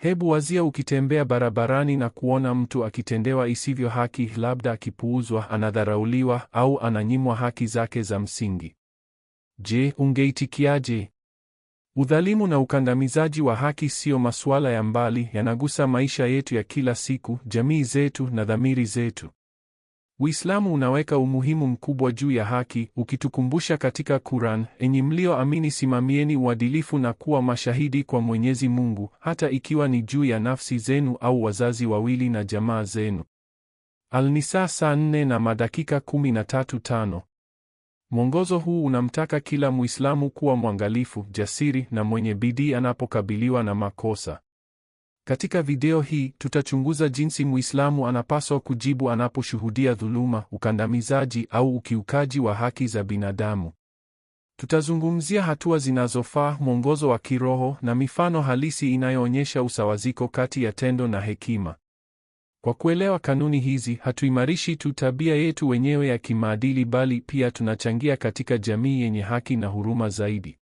Hebu wazia ukitembea barabarani na kuona mtu akitendewa isivyo haki, labda akipuuzwa, anadharauliwa au ananyimwa haki zake za msingi. Je, ungeitikiaje? Udhalimu na ukandamizaji wa haki siyo masuala ya mbali, yanagusa maisha yetu ya kila siku, jamii zetu na dhamiri zetu. Uislamu unaweka umuhimu mkubwa juu ya haki, ukitukumbusha katika Quran, enyi mlioamini simamieni uadilifu na kuwa mashahidi kwa Mwenyezi Mungu, hata ikiwa ni juu ya nafsi zenu au wazazi wawili na jamaa zenu. Al-Nisa saa nne na madakika kumi na tatu tano. Mwongozo huu unamtaka kila Muislamu kuwa mwangalifu, jasiri na mwenye bidii anapokabiliwa na makosa. Katika video hii tutachunguza jinsi Muislamu anapaswa kujibu anaposhuhudia dhuluma, ukandamizaji au ukiukaji wa haki za binadamu. Tutazungumzia hatua zinazofaa, mwongozo wa kiroho na mifano halisi inayoonyesha usawaziko kati ya tendo na hekima. Kwa kuelewa kanuni hizi, hatuimarishi tu tabia yetu wenyewe ya kimaadili bali pia tunachangia katika jamii yenye haki na huruma zaidi.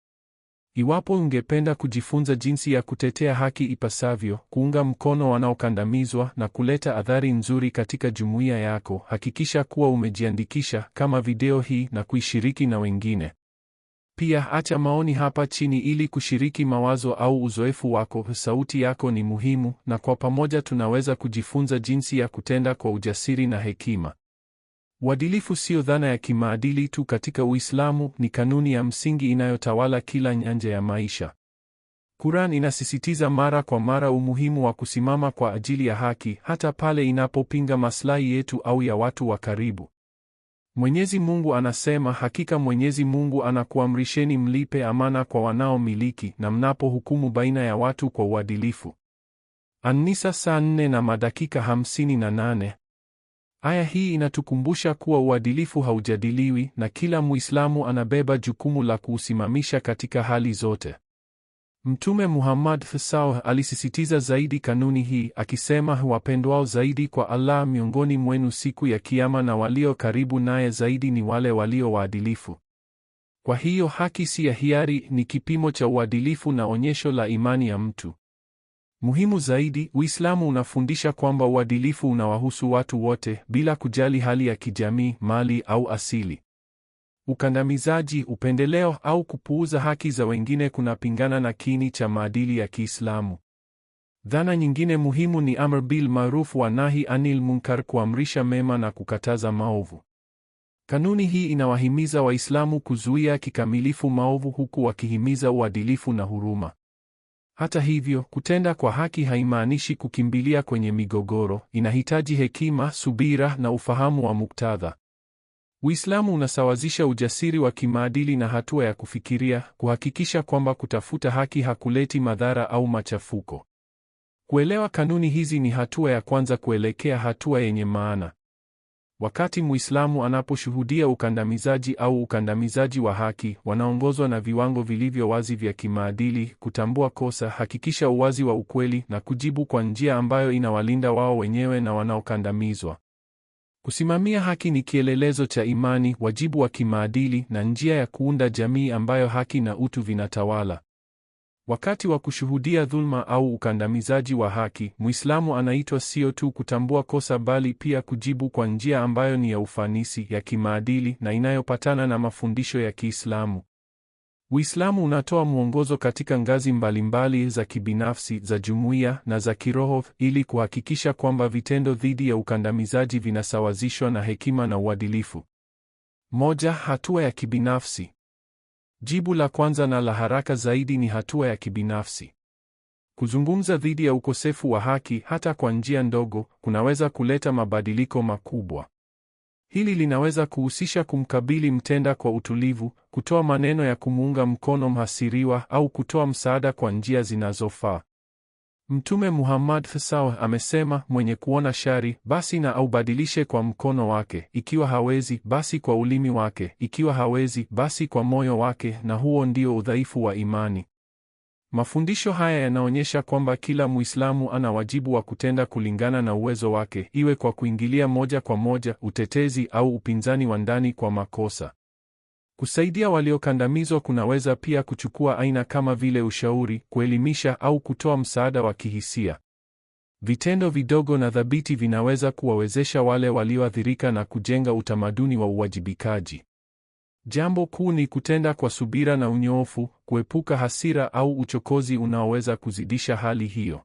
Iwapo ungependa kujifunza jinsi ya kutetea haki ipasavyo, kuunga mkono wanaokandamizwa na kuleta athari nzuri katika jumuiya yako, hakikisha kuwa umejiandikisha kama video hii na kuishiriki na wengine. Pia acha maoni hapa chini ili kushiriki mawazo au uzoefu wako. Sauti yako ni muhimu na kwa pamoja tunaweza kujifunza jinsi ya kutenda kwa ujasiri na hekima. Uadilifu siyo dhana ya kimaadili tu katika Uislamu, ni kanuni ya msingi inayotawala kila nyanja ya maisha. Quran inasisitiza mara kwa mara umuhimu wa kusimama kwa ajili ya haki hata pale inapopinga maslahi yetu au ya watu wa karibu. Mwenyezi Mungu anasema, hakika Mwenyezi Mungu anakuamrisheni mlipe amana kwa wanaomiliki na mnapohukumu baina ya watu kwa uadilifu. An-Nisa saa nne na madakika hamsini na nane. Aya hii inatukumbusha kuwa uadilifu haujadiliwi na kila Muislamu anabeba jukumu la kuusimamisha katika hali zote. Mtume Muhammad Fasaw alisisitiza zaidi kanuni hii akisema, wapendwao zaidi kwa Allah miongoni mwenu siku ya Kiyama na walio karibu naye zaidi ni wale walio waadilifu. Kwa hiyo haki si ya hiari, ni kipimo cha uadilifu na onyesho la imani ya mtu. Muhimu zaidi, Uislamu unafundisha kwamba uadilifu unawahusu watu wote bila kujali hali ya kijamii, mali au asili. Ukandamizaji, upendeleo au kupuuza haki za wengine kunapingana na kini cha maadili ya Kiislamu. Dhana nyingine muhimu ni amr bil maruf wa nahi anil munkar, kuamrisha mema na kukataza maovu. Kanuni hii inawahimiza Waislamu kuzuia kikamilifu maovu huku wakihimiza uadilifu na huruma. Hata hivyo, kutenda kwa haki haimaanishi kukimbilia kwenye migogoro, inahitaji hekima, subira na ufahamu wa muktadha. Uislamu unasawazisha ujasiri wa kimaadili na hatua ya kufikiria, kuhakikisha kwamba kutafuta haki hakuleti madhara au machafuko. Kuelewa kanuni hizi ni hatua ya kwanza kuelekea hatua yenye maana. Wakati Muislamu anaposhuhudia ukandamizaji au ukandamizaji wa haki, wanaongozwa na viwango vilivyo wazi vya kimaadili, kutambua kosa, hakikisha uwazi wa ukweli na kujibu kwa njia ambayo inawalinda wao wenyewe na wanaokandamizwa. Kusimamia haki ni kielelezo cha imani, wajibu wa kimaadili na njia ya kuunda jamii ambayo haki na utu vinatawala. Wakati wa kushuhudia dhulma au ukandamizaji wa haki, Muislamu anaitwa sio tu kutambua kosa bali pia kujibu kwa njia ambayo ni ya ufanisi, ya kimaadili na inayopatana na mafundisho ya Kiislamu. Uislamu unatoa mwongozo katika ngazi mbalimbali za kibinafsi, za jumuiya na za kiroho ili kuhakikisha kwamba vitendo dhidi ya ukandamizaji vinasawazishwa na hekima na uadilifu. Moja, hatua ya kibinafsi. Jibu la kwanza na la haraka zaidi ni hatua ya kibinafsi. Kuzungumza dhidi ya ukosefu wa haki, hata kwa njia ndogo, kunaweza kuleta mabadiliko makubwa. Hili linaweza kuhusisha kumkabili mtenda kwa utulivu, kutoa maneno ya kumuunga mkono mhasiriwa au kutoa msaada kwa njia zinazofaa. Mtume Muhammad SAW amesema, mwenye kuona shari basi na aubadilishe kwa mkono wake, ikiwa hawezi basi kwa ulimi wake, ikiwa hawezi basi kwa moyo wake, na huo ndio udhaifu wa imani. Mafundisho haya yanaonyesha kwamba kila Muislamu ana wajibu wa kutenda kulingana na uwezo wake, iwe kwa kuingilia moja kwa moja utetezi au upinzani wa ndani kwa makosa. Kusaidia waliokandamizwa kunaweza pia kuchukua aina kama vile ushauri, kuelimisha au kutoa msaada wa kihisia. Vitendo vidogo na thabiti vinaweza kuwawezesha wale walioathirika na kujenga utamaduni wa uwajibikaji. Jambo kuu ni kutenda kwa subira na unyoofu, kuepuka hasira au uchokozi unaoweza kuzidisha hali hiyo.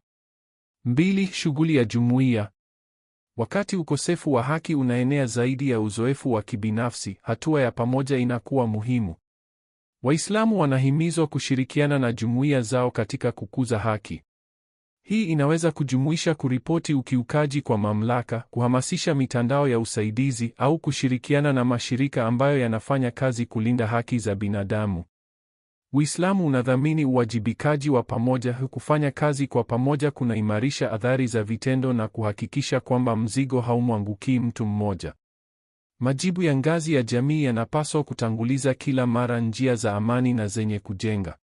Mbili, shughuli ya jumuiya. Wakati ukosefu wa haki unaenea zaidi ya uzoefu wa kibinafsi, hatua ya pamoja inakuwa muhimu. Waislamu wanahimizwa kushirikiana na jumuiya zao katika kukuza haki. Hii inaweza kujumuisha kuripoti ukiukaji kwa mamlaka, kuhamasisha mitandao ya usaidizi au kushirikiana na mashirika ambayo yanafanya kazi kulinda haki za binadamu. Uislamu unadhamini uwajibikaji wa pamoja. Kufanya kazi kwa pamoja kunaimarisha athari za vitendo na kuhakikisha kwamba mzigo haumwangukii mtu mmoja. Majibu ya ngazi ya jamii yanapaswa kutanguliza kila mara njia za amani na zenye kujenga.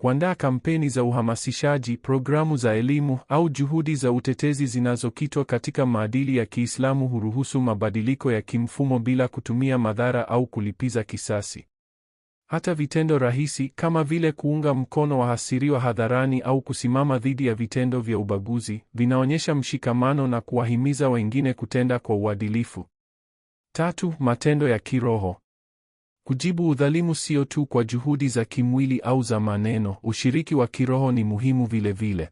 Kuandaa kampeni za uhamasishaji, programu za elimu au juhudi za utetezi zinazokitwa katika maadili ya Kiislamu huruhusu mabadiliko ya kimfumo bila kutumia madhara au kulipiza kisasi. Hata vitendo rahisi kama vile kuunga mkono wahasiriwa hadharani au kusimama dhidi ya vitendo vya ubaguzi vinaonyesha mshikamano na kuwahimiza wengine kutenda kwa uadilifu. Tatu, matendo ya kiroho. Kujibu udhalimu sio tu kwa juhudi za kimwili au za maneno, ushiriki wa kiroho ni muhimu vile vile.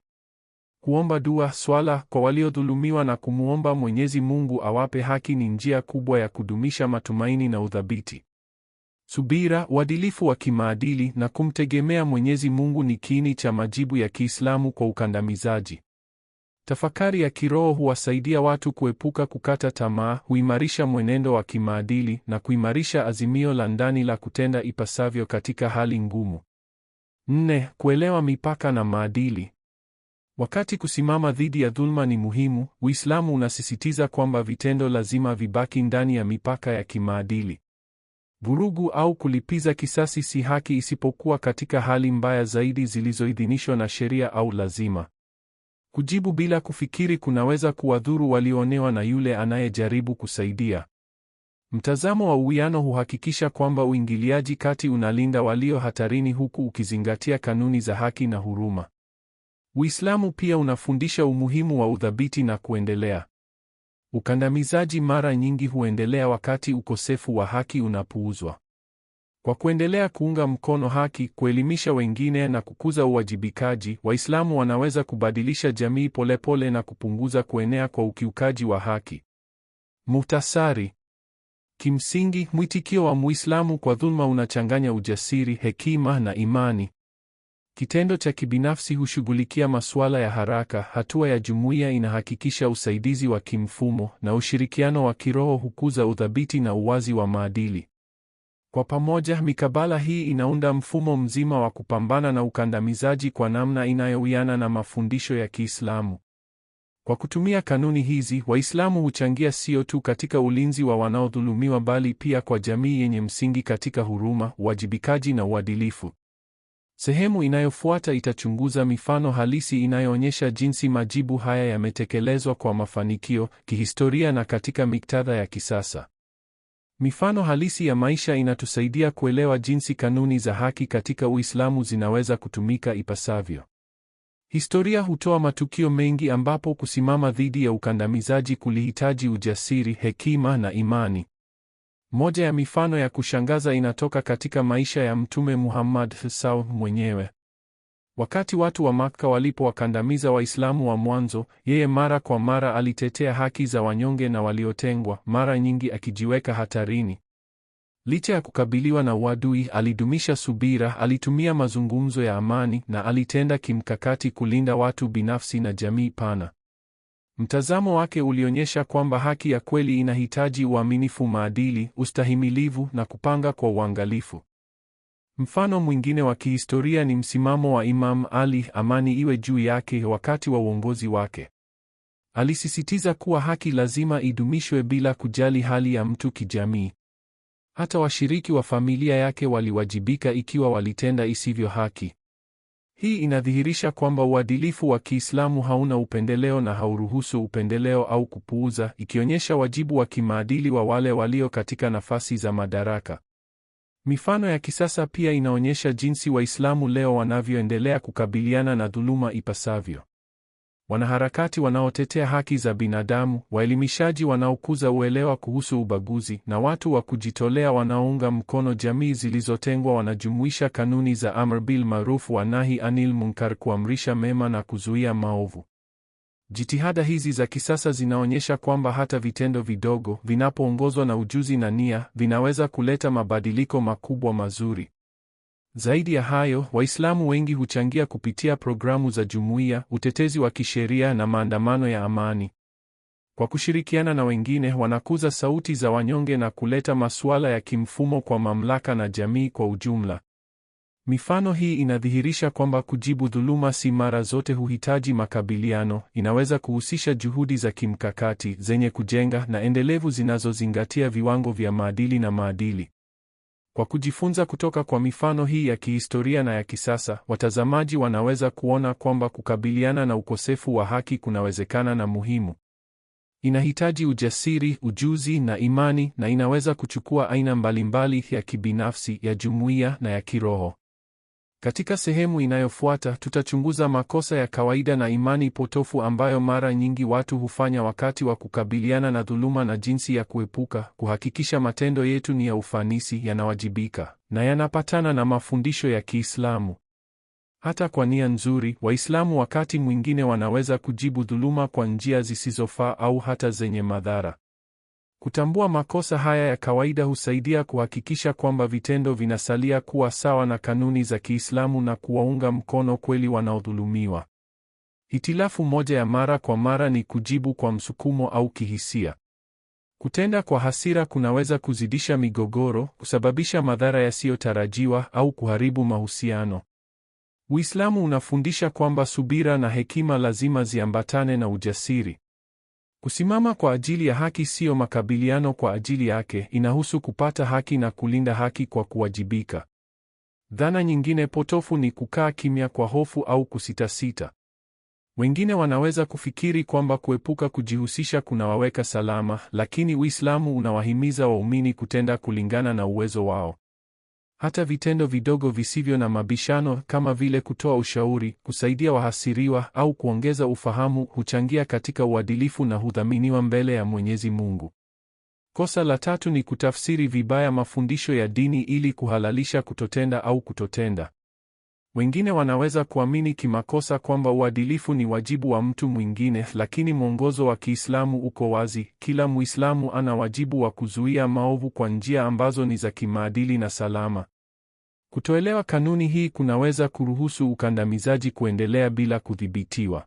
Kuomba dua, swala kwa waliodhulumiwa na kumwomba Mwenyezi Mungu awape haki ni njia kubwa ya kudumisha matumaini na uthabiti. Subira, uadilifu wa kimaadili na kumtegemea Mwenyezi Mungu ni kiini cha majibu ya Kiislamu kwa ukandamizaji. Tafakari ya kiroho huwasaidia watu kuepuka kukata tamaa, huimarisha mwenendo wa kimaadili na kuimarisha azimio la ndani la kutenda ipasavyo katika hali ngumu. Nne, kuelewa mipaka na maadili. Wakati kusimama dhidi ya dhulma ni muhimu, Uislamu unasisitiza kwamba vitendo lazima vibaki ndani ya mipaka ya kimaadili. Vurugu au kulipiza kisasi si haki isipokuwa katika hali mbaya zaidi zilizoidhinishwa na sheria au lazima. Kujibu bila kufikiri kunaweza kuwadhuru walioonewa na yule anayejaribu kusaidia. Mtazamo wa uwiano huhakikisha kwamba uingiliaji kati unalinda walio hatarini huku ukizingatia kanuni za haki na huruma. Uislamu pia unafundisha umuhimu wa uthabiti na kuendelea. Ukandamizaji mara nyingi huendelea wakati ukosefu wa haki unapuuzwa. Kwa kuendelea kuunga mkono haki, kuelimisha wengine na kukuza uwajibikaji, Waislamu wanaweza kubadilisha jamii polepole na kupunguza kuenea kwa ukiukaji wa haki. Muhtasari. Kimsingi, mwitikio wa Muislamu kwa dhulma unachanganya ujasiri, hekima na imani. Kitendo cha kibinafsi hushughulikia masuala ya haraka. Hatua ya jumuiya inahakikisha usaidizi wa kimfumo na ushirikiano wa kiroho hukuza uthabiti na uwazi wa maadili. Kwa pamoja, mikabala hii inaunda mfumo mzima wa kupambana na ukandamizaji kwa namna inayowiana na mafundisho ya Kiislamu. Kwa kutumia kanuni hizi, Waislamu huchangia sio tu katika ulinzi wa wanaodhulumiwa bali pia kwa jamii yenye msingi katika huruma, uwajibikaji na uadilifu. Sehemu inayofuata itachunguza mifano halisi inayoonyesha jinsi majibu haya yametekelezwa kwa mafanikio kihistoria na katika miktadha ya kisasa. Mifano halisi ya maisha inatusaidia kuelewa jinsi kanuni za haki katika Uislamu zinaweza kutumika ipasavyo. Historia hutoa matukio mengi ambapo kusimama dhidi ya ukandamizaji kulihitaji ujasiri, hekima na imani. Moja ya mifano ya kushangaza inatoka katika maisha ya Mtume Muhammad SAW mwenyewe. Wakati watu wa Makka walipowakandamiza Waislamu wa mwanzo, yeye mara kwa mara alitetea haki za wanyonge na waliotengwa, mara nyingi akijiweka hatarini. Licha ya kukabiliwa na uadui, alidumisha subira, alitumia mazungumzo ya amani na alitenda kimkakati kulinda watu binafsi na jamii pana. Mtazamo wake ulionyesha kwamba haki ya kweli inahitaji uaminifu, maadili, ustahimilivu na kupanga kwa uangalifu. Mfano mwingine wa kihistoria ni msimamo wa Imam Ali, amani iwe juu yake, wakati wa uongozi wake. Alisisitiza kuwa haki lazima idumishwe bila kujali hali ya mtu kijamii. Hata washiriki wa familia yake waliwajibika ikiwa walitenda isivyo haki. Hii inadhihirisha kwamba uadilifu wa Kiislamu hauna upendeleo na hauruhusu upendeleo au kupuuza, ikionyesha wajibu wa kimaadili wa wale walio katika nafasi za madaraka. Mifano ya kisasa pia inaonyesha jinsi Waislamu leo wanavyoendelea kukabiliana na dhuluma ipasavyo wanaharakati wanaotetea haki za binadamu, waelimishaji wanaokuza uelewa kuhusu ubaguzi, na watu wa kujitolea wanaounga mkono jamii zilizotengwa wanajumuisha kanuni za amr bil maruf wa nahi anil munkar, kuamrisha mema na kuzuia maovu. Jitihada hizi za kisasa zinaonyesha kwamba hata vitendo vidogo vinapoongozwa na ujuzi na nia, vinaweza kuleta mabadiliko makubwa mazuri. Zaidi ya hayo, Waislamu wengi huchangia kupitia programu za jumuiya, utetezi wa kisheria na maandamano ya amani. Kwa kushirikiana na wengine, wanakuza sauti za wanyonge na kuleta masuala ya kimfumo kwa mamlaka na jamii kwa ujumla. Mifano hii inadhihirisha kwamba kujibu dhuluma si mara zote huhitaji makabiliano. Inaweza kuhusisha juhudi za kimkakati zenye kujenga na endelevu zinazozingatia viwango vya maadili na maadili. Kwa kujifunza kutoka kwa mifano hii ya kihistoria na ya kisasa, watazamaji wanaweza kuona kwamba kukabiliana na ukosefu wa haki kunawezekana na muhimu. Inahitaji ujasiri, ujuzi na imani na inaweza kuchukua aina mbalimbali ya kibinafsi, ya jumuiya na ya kiroho. Katika sehemu inayofuata tutachunguza makosa ya kawaida na imani potofu ambayo mara nyingi watu hufanya wakati wa kukabiliana na dhuluma na jinsi ya kuepuka, kuhakikisha matendo yetu ni ya ufanisi, yanawajibika na yanapatana na mafundisho ya Kiislamu. Hata kwa nia nzuri, Waislamu wakati mwingine wanaweza kujibu dhuluma kwa njia zisizofaa au hata zenye madhara. Kutambua makosa haya ya kawaida husaidia kuhakikisha kwamba vitendo vinasalia kuwa sawa na kanuni za Kiislamu na kuwaunga mkono kweli wanaodhulumiwa. Hitilafu moja ya mara kwa mara ni kujibu kwa msukumo au kihisia. Kutenda kwa hasira kunaweza kuzidisha migogoro, kusababisha madhara yasiyotarajiwa au kuharibu mahusiano. Uislamu unafundisha kwamba subira na hekima lazima ziambatane na ujasiri. Kusimama kwa ajili ya haki siyo makabiliano kwa ajili yake, inahusu kupata haki na kulinda haki kwa kuwajibika. Dhana nyingine potofu ni kukaa kimya kwa hofu au kusitasita. Wengine wanaweza kufikiri kwamba kuepuka kujihusisha kunawaweka salama, lakini Uislamu unawahimiza waumini kutenda kulingana na uwezo wao. Hata vitendo vidogo visivyo na mabishano kama vile kutoa ushauri, kusaidia wahasiriwa au kuongeza ufahamu huchangia katika uadilifu na hudhaminiwa mbele ya Mwenyezi Mungu. Kosa la tatu ni kutafsiri vibaya mafundisho ya dini ili kuhalalisha kutotenda au kutotenda. Wengine wanaweza kuamini kimakosa kwamba uadilifu ni wajibu wa mtu mwingine, lakini mwongozo wa Kiislamu uko wazi. Kila Muislamu ana wajibu wa kuzuia maovu kwa njia ambazo ni za kimaadili na salama. Kutoelewa kanuni hii kunaweza kuruhusu ukandamizaji kuendelea bila kudhibitiwa.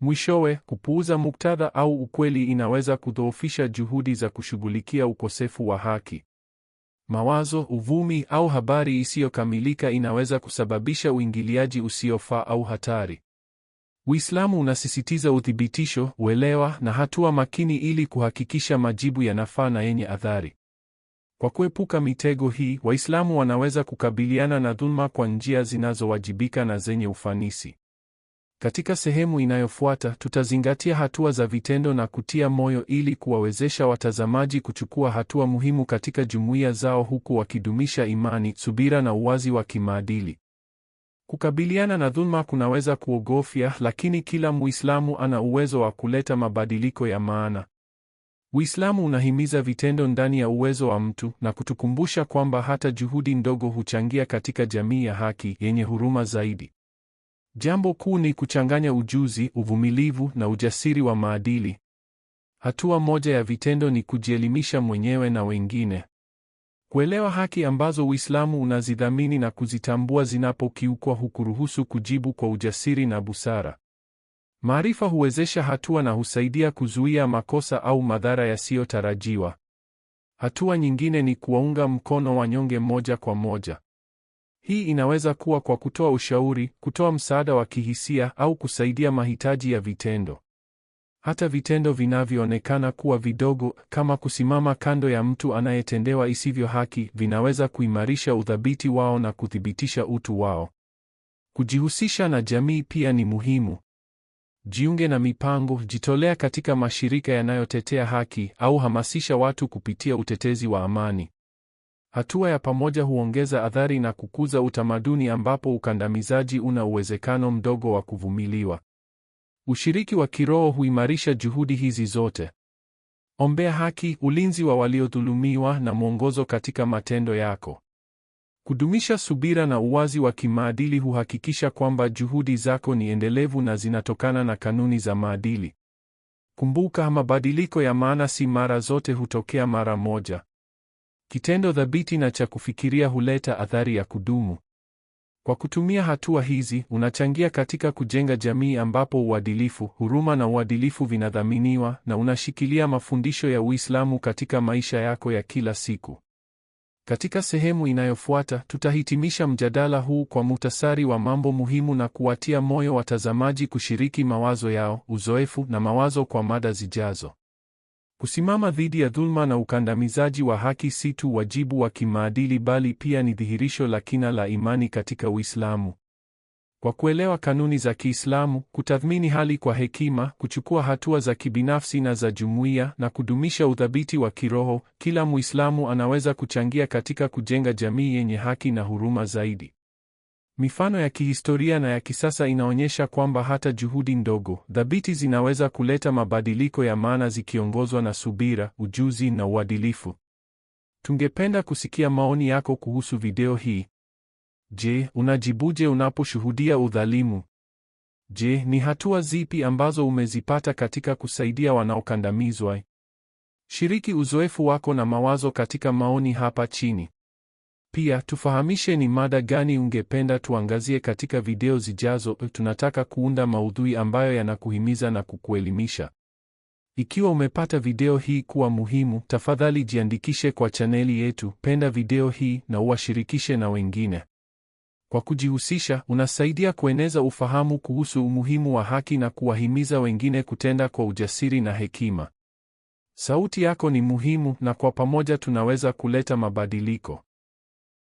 Mwishowe, kupuuza muktadha au ukweli inaweza kudhoofisha juhudi za kushughulikia ukosefu wa haki. Mawazo, uvumi au habari isiyokamilika inaweza kusababisha uingiliaji usiofaa au hatari. Uislamu unasisitiza uthibitisho, uelewa na hatua makini ili kuhakikisha majibu yanafaa na yenye athari. Kwa kuepuka mitego hii, Waislamu wanaweza kukabiliana na dhulma kwa njia zinazowajibika na zenye ufanisi. Katika sehemu inayofuata tutazingatia hatua za vitendo na kutia moyo ili kuwawezesha watazamaji kuchukua hatua muhimu katika jumuiya zao huku wakidumisha imani, subira na uwazi wa kimaadili. Kukabiliana na dhulma kunaweza kuogofya, lakini kila Muislamu ana uwezo wa kuleta mabadiliko ya maana. Uislamu unahimiza vitendo ndani ya uwezo wa mtu na kutukumbusha kwamba hata juhudi ndogo huchangia katika jamii ya haki yenye huruma zaidi. Jambo kuu ni kuchanganya ujuzi, uvumilivu na ujasiri wa maadili. Hatua moja ya vitendo ni kujielimisha mwenyewe na wengine. Kuelewa haki ambazo Uislamu unazidhamini na kuzitambua zinapokiukwa hukuruhusu kujibu kwa ujasiri na busara. Maarifa huwezesha hatua na husaidia kuzuia makosa au madhara yasiyotarajiwa. Hatua nyingine ni kuwaunga mkono wanyonge moja kwa moja. Hii inaweza kuwa kwa kutoa ushauri, kutoa msaada wa kihisia au kusaidia mahitaji ya vitendo. Hata vitendo vinavyoonekana kuwa vidogo, kama kusimama kando ya mtu anayetendewa isivyo haki, vinaweza kuimarisha udhabiti wao na kuthibitisha utu wao. Kujihusisha na jamii pia ni muhimu. Jiunge na mipango, jitolea katika mashirika yanayotetea haki au hamasisha watu kupitia utetezi wa amani. Hatua ya pamoja huongeza athari na kukuza utamaduni ambapo ukandamizaji una uwezekano mdogo wa kuvumiliwa. Ushiriki wa kiroho huimarisha juhudi hizi zote. Ombea haki, ulinzi wa waliodhulumiwa na mwongozo katika matendo yako. Kudumisha subira na uwazi wa kimaadili huhakikisha kwamba juhudi zako ni endelevu na zinatokana na kanuni za maadili. Kumbuka, mabadiliko ya maana si mara zote hutokea mara moja. Kitendo thabiti na cha kufikiria huleta athari ya kudumu. Kwa kutumia hatua hizi, unachangia katika kujenga jamii ambapo uadilifu, huruma na uadilifu vinadhaminiwa na unashikilia mafundisho ya Uislamu katika maisha yako ya kila siku. Katika sehemu inayofuata tutahitimisha mjadala huu kwa muhtasari wa mambo muhimu na kuwatia moyo watazamaji kushiriki mawazo yao, uzoefu na mawazo kwa mada zijazo. Kusimama dhidi ya dhuluma na ukandamizaji wa haki si tu wajibu wa kimaadili bali pia ni dhihirisho la kina la imani katika Uislamu. Kwa kuelewa kanuni za Kiislamu, kutathmini hali kwa hekima, kuchukua hatua za kibinafsi na za jumuiya, na kudumisha uthabiti wa kiroho, kila Muislamu anaweza kuchangia katika kujenga jamii yenye haki na huruma zaidi. Mifano ya kihistoria na ya kisasa inaonyesha kwamba hata juhudi ndogo thabiti zinaweza kuleta mabadiliko ya maana zikiongozwa na subira, ujuzi na uadilifu. Tungependa kusikia maoni yako kuhusu video hii. Je, unajibuje unaposhuhudia udhalimu? Je, ni hatua zipi ambazo umezipata katika kusaidia wanaokandamizwa? Shiriki uzoefu wako na mawazo katika maoni hapa chini. Pia tufahamishe ni mada gani ungependa tuangazie katika video zijazo. Tunataka kuunda maudhui ambayo yanakuhimiza na kukuelimisha. Ikiwa umepata video hii kuwa muhimu, tafadhali jiandikishe kwa chaneli yetu, penda video hii na uwashirikishe na wengine. Kwa kujihusisha, unasaidia kueneza ufahamu kuhusu umuhimu wa haki na kuwahimiza wengine kutenda kwa ujasiri na hekima. Sauti yako ni muhimu na kwa pamoja tunaweza kuleta mabadiliko.